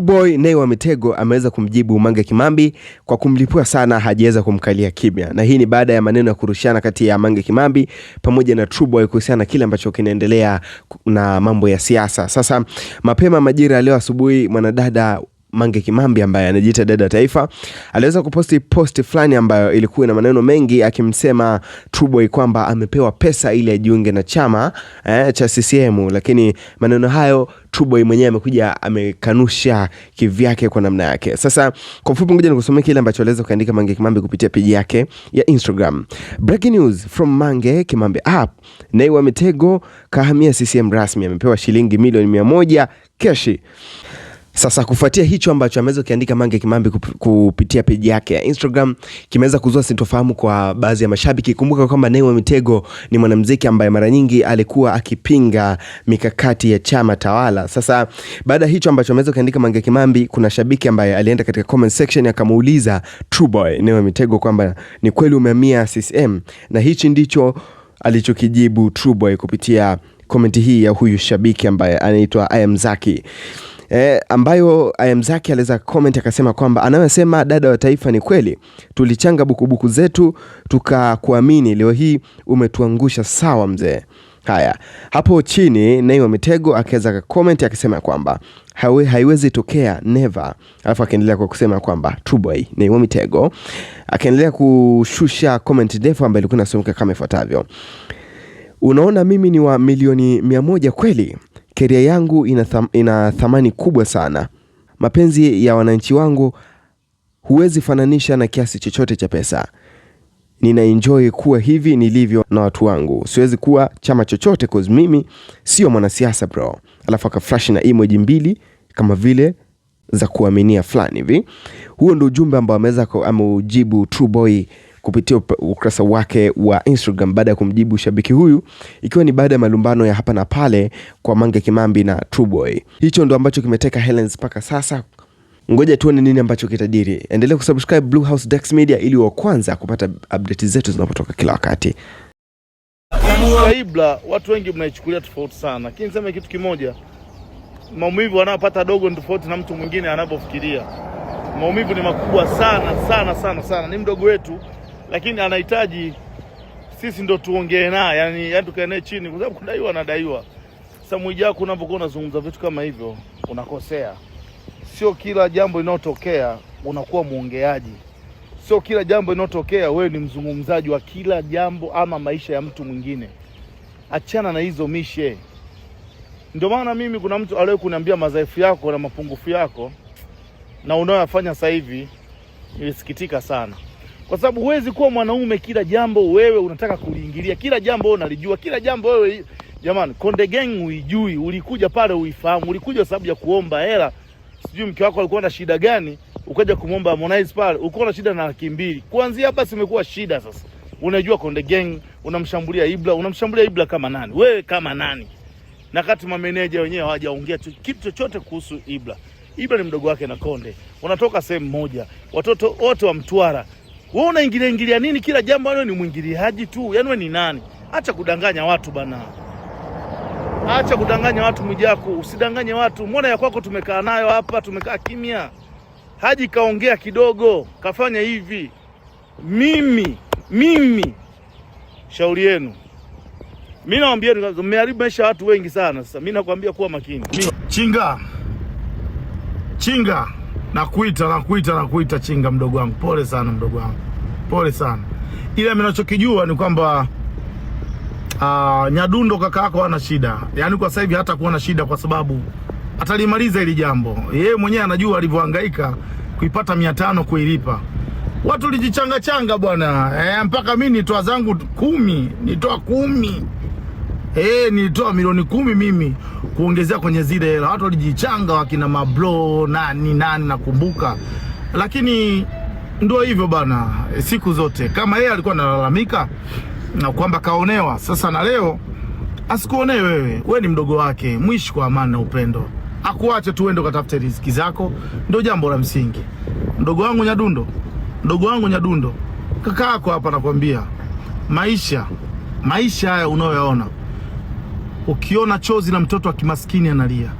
Boy Nay wa Mitego ameweza kumjibu Mange Kimambi kwa kumlipua sana, hajaweza kumkalia kimya, na hii ni baada ya maneno ya kurushana kati ya Mange Kimambi pamoja na Boy kuhusiana na kile ambacho kinaendelea na mambo ya siasa. Sasa mapema majira leo asubuhi, mwanadada Mange Kimambi ambaye anajiita dada taifa aliweza kuposti post fulani ambayo ilikuwa na maneno mengi akimsema Trueboy kwamba amepewa pesa ili ajiunge na chama eh, cha CCM, lakini maneno hayo Trueboy mwenyewe amekuja amekanusha kivyake kwa namna yake. Sasa kwa ufupi, ngoja nikusomee kile ambacho aliweza kuandika Mange Kimambi kupitia peji yake ya Instagram. Breaking news from Mange Kimambi app. Nay wa Mitego kahamia CCM rasmi, amepewa shilingi milioni mia moja keshi. Sasa kufuatia hicho ambacho ameweza kuandika Mange Kimambi kupitia peji yake ya Instagram kimeweza kuzua sintofahamu kwa baadhi ya mashabiki. Kumbuka kwamba Nay Mitego ni mwanamuziki ambaye mara nyingi alikuwa akipinga mikakati ya chama tawala. Sasa baada ya hicho ambacho ameweza kuandika Mange Kimambi, kuna shabiki ambaye alienda katika comment section akamuuliza True Boy Nay Mitego kwamba ni kweli umehamia CCM, na hichi ndicho alichokijibu True Boy kupitia komenti hii ya huyu shabiki ambaye anaitwa I am Zaki eh, ambayo Mzaki aliweza comment akasema kwamba anayosema dada wa taifa ni kweli, tulichanga bukubuku zetu tukakuamini, leo hii umetuangusha. Sawa mzee. Haya, hapo chini Nay wa Mitego akaweza comment akisema kwamba hawe, haiwezi tokea never. Alafu akaendelea kwa kusema kwamba true boy Nay wa Mitego akaendelea kushusha comment ndefu ambayo ilikuwa inasomeka kama ifuatavyo: unaona mimi ni wa milioni mia moja kweli Keria yangu ina, tham, ina thamani kubwa sana. Mapenzi ya wananchi wangu huwezi fananisha na kiasi chochote cha pesa. nina enjoy kuwa hivi nilivyo na watu wangu, siwezi kuwa chama chochote cause mimi sio mwanasiasa bro. Alafu akaflash na emoji mbili kama vile za kuaminia fulani hivi. Huo ndio ujumbe ambao ameweza ameujibu True Boy kupitia ukurasa wake wa Instagram baada ya kumjibu shabiki huyu, ikiwa ni baada ya malumbano ya hapa na pale kwa Mange Kimambi na True Boy. Hicho ndo ambacho kimeteka headlines mpaka sasa. Ngoja tuone nini ambacho kitajiri. Endelea kusubscribe Blue House Dax Media ili wa kwanza kupata update zetu zinapotoka kila wakati. Ibra, watu wengi mnaichukulia tofauti sana, lakini niseme kitu kimoja, maumivu anayopata dogo ni tofauti na mtu mwingine anavyofikiria. Maumivu ni makubwa sana sana sana sana, ni mdogo wetu lakini anahitaji sisi ndo tuongee naye, yani yani tukae naye chini, kwa sababu kudaiwa anadaiwa. Sasa Mwijaku, unapokuwa unazungumza vitu kama hivyo unakosea. Sio kila jambo linalotokea unakuwa mwongeaji, sio kila jambo linalotokea wewe ni mzungumzaji wa kila jambo ama maisha ya mtu mwingine. Achana na hizo mishe. Ndio maana mimi, kuna mtu aliye kuniambia madhaifu yako na mapungufu yako na unayoyafanya sasa hivi, nilisikitika sana kwa sababu huwezi kuwa mwanaume kila jambo wewe unataka kuliingilia, kila jambo wewe unalijua, kila jambo wewe. Jamani, Konde Gang uijui? Ulikuja pale uifahamu? Ulikuja sababu ya kuomba hela, sijui mke wako alikuwa na shida gani, ukaja kumwomba Harmonize pale, ulikuwa na shida na laki mbili. Kuanzia hapa simekuwa shida sasa. Unajua Konde Gang unamshambulia ibla unamshambulia ibla kama nani? Wewe kama nani? Na kati mameneja wenyewe hawajaongea kitu chochote kuhusu ibla ibla ni mdogo wake na Konde, wanatoka sehemu moja, watoto wote wa Mtwara. Wewe unaingilia ingilia nini kila jambo? Wewe ni mwingiliaji tu, yaani wewe ni nani? Acha kudanganya watu bana, acha kudanganya watu Mwijaku, usidanganye watu. Mbona ya kwako tumekaa nayo hapa, tumekaa kimya. Haji kaongea kidogo, kafanya hivi. Mimi mimi, shauri yenu. Mimi nawaambia mmeharibu maisha watu wengi sana. Sasa mimi nakwambia kuwa makini, Chinga chinga Nakuita, nakuita, nakuita Chinga mdogo wangu, pole sana mdogo wangu, pole sana ila ninachokijua ni kwamba uh, Nyadundo kaka yako hana shida, yaani kwa sasa hivi hata kuona shida, kwa sababu atalimaliza hili jambo. Yeye mwenyewe anajua alivyohangaika kuipata mia tano kuilipa. Watu lijichangachanga bwana eh, mpaka mi nitoa zangu kumi, nitoa kumi eh, nilitoa milioni kumi mimi kuongezea kwenye zile hela. Watu walijichanga wakina mablo nani nani, nakumbuka. Lakini ndio hivyo bana, siku zote kama yeye alikuwa analalamika na kwamba kaonewa, sasa na leo asikuonee wewe, wewe ni mdogo wake. Mwishi kwa amani na upendo, akuache tu uende ukatafute riziki zako, ndio jambo la msingi. Mdogo wangu Nyadundo, mdogo wangu Nyadundo, kaka yako hapa nakwambia, maisha maisha haya unayoyaona Ukiona chozi la mtoto wa kimaskini analia,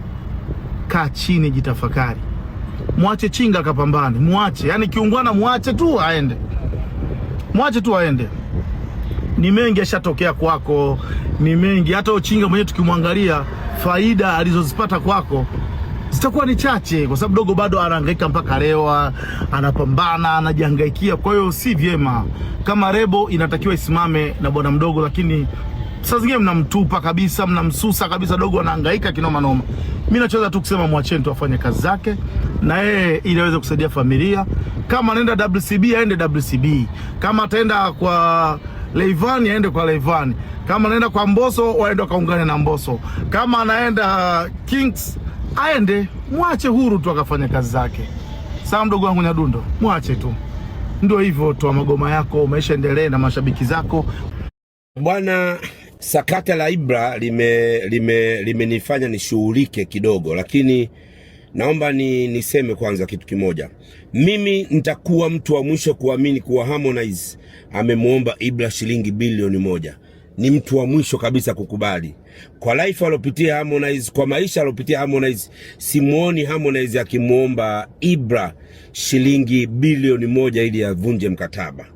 kaa chini, jitafakari. Mwache chinga kapambane mwache yani kiungwana, mwache tu aende, mwache tu aende. Ni mengi ashatokea kwako, ni mengi. Hata uchinga mwenyewe tukimwangalia, faida alizozipata kwako zitakuwa ni chache, kwa sababu dogo bado anahangaika mpaka leo, anapambana, anajihangaikia. Kwa hiyo si vyema, kama Rebo inatakiwa isimame na bwana mdogo, lakini saa zingine mnamtupa kabisa, mnamsusa kabisa, dogo anahangaika kinoma noma. Mimi nachoweza tu kusema mwacheni tu afanye kazi zake na yeye, ili aweze kusaidia familia. Kama anaenda WCB aende WCB, kama ataenda kwa Leivani aende kwa Leivani, kama anaenda kwa Mboso waende wakaungane na Mboso, kama anaenda Kings aende, mwache huru tu akafanya kazi zake. Sawa, mdogo wangu Nyadundo, mwache tu, ndio hivyo, toa magoma yako, maisha endelee na mashabiki zako bwana. Sakata la Ibra limenifanya lime, lime nishughulike kidogo, lakini naomba ni, niseme kwanza kitu kimoja. Mimi nitakuwa mtu wa mwisho kuamini kuwa Harmonize amemwomba Ibra shilingi bilioni moja. Ni mtu wa mwisho kabisa kukubali. Kwa life alopitia Harmonize, kwa maisha alopitia Harmonize, simuoni Harmonize akimwomba Ibra shilingi bilioni moja ili avunje mkataba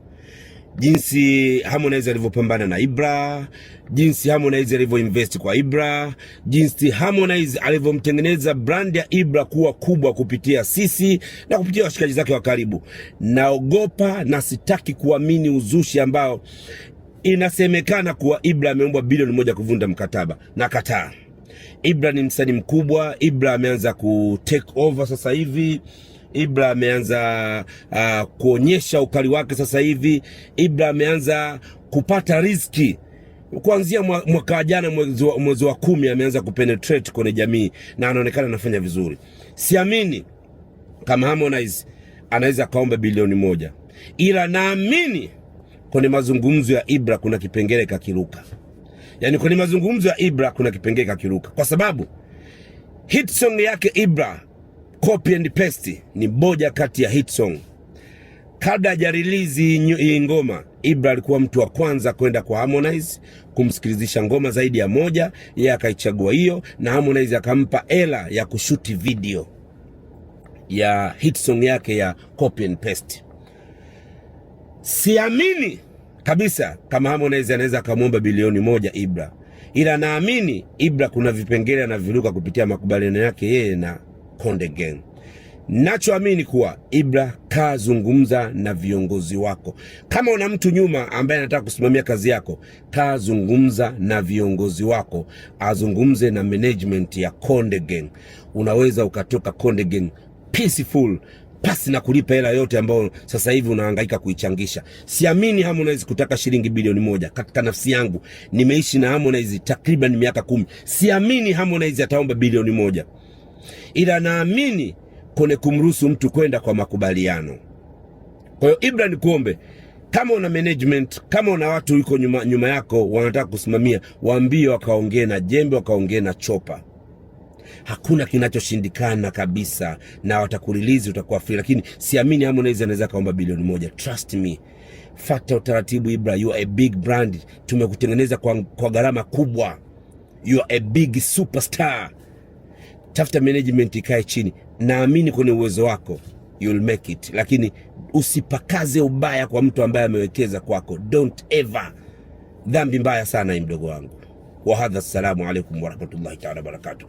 jinsi Harmonize alivyopambana na Ibra, jinsi Harmonize alivyoinvest kwa Ibra, jinsi Harmonize alivyomtengeneza brand ya Ibra kuwa kubwa kupitia sisi na kupitia washikaji zake wa karibu. Naogopa na sitaki kuamini uzushi ambao inasemekana kuwa Ibra ameombwa bilioni moja kuvunda mkataba na kataa. Ibra ni msanii mkubwa. Ibra ameanza ku take over sasa hivi. Ibra ameanza uh, kuonyesha ukali wake sasa hivi. Ibra ameanza kupata riziki kuanzia mwaka jana mwezi wa kumi ameanza kupenetrate kwenye jamii na anaonekana anafanya vizuri. Siamini kama Harmonize anaweza akaomba bilioni moja, ila naamini kwenye mazungumzo ya Ibra kuna kipengele kakiruka. Yaani kwenye mazungumzo ya Ibra kuna kipengele kakiruka, kwa sababu hit song yake Ibra Copy and Paste ni moja kati ya hit song. Kabla hajarilizi hii ngoma, Ibra alikuwa mtu wa kwanza kwenda kwa Harmonize kumsikilizisha ngoma zaidi ya moja, yeye akaichagua hiyo, na Harmonize akampa ela ya kushuti video ya hit song yake ya Copy and Paste. Siamini kabisa kama Harmonize anaweza akamwomba bilioni moja Ibra, ila naamini Ibra kuna vipengele anaviruka kupitia makubaliano yake yeye na Konde Gang. Nachoamini kuwa Ibra, kaa zungumza na viongozi wako. Kama una mtu nyuma ambaye anataka kusimamia kazi yako, kaa zungumza na viongozi wako, azungumze na management ya Konde Gang. Unaweza ukatoka Konde Gang peaceful pasi na kulipa hela yote ambayo sasa hivi unahangaika kuichangisha. Siamini Harmonize kutaka shilingi bilioni moja. Katika nafsi yangu nimeishi na Harmonize takriban miaka kumi, siamini Harmonize ataomba bilioni moja ila naamini kwenye kumruhusu mtu kwenda kwa makubaliano. Kwa hiyo Ibra, nikuombe kama una management, kama una watu yuko nyuma, nyuma yako wanataka kusimamia, waambie wakaongee na jembe, wakaongee na chopa. Hakuna kinachoshindikana kabisa, na watakurilizi, utakuwa free. Lakini siamini Harmonize anaweza kaomba bilioni moja. Trust me, fata utaratibu. Ibra, you are a big brand, tumekutengeneza kwa, kwa gharama kubwa. You are a big superstar tafuta management ikae chini. Naamini kwenye uwezo wako you'll make it, lakini usipakaze ubaya kwa mtu ambaye amewekeza kwako. Don't ever, dhambi mbaya sana, mdogo wangu. Wahadha, assalamu alaikum warahmatullahi taala wabarakatuh.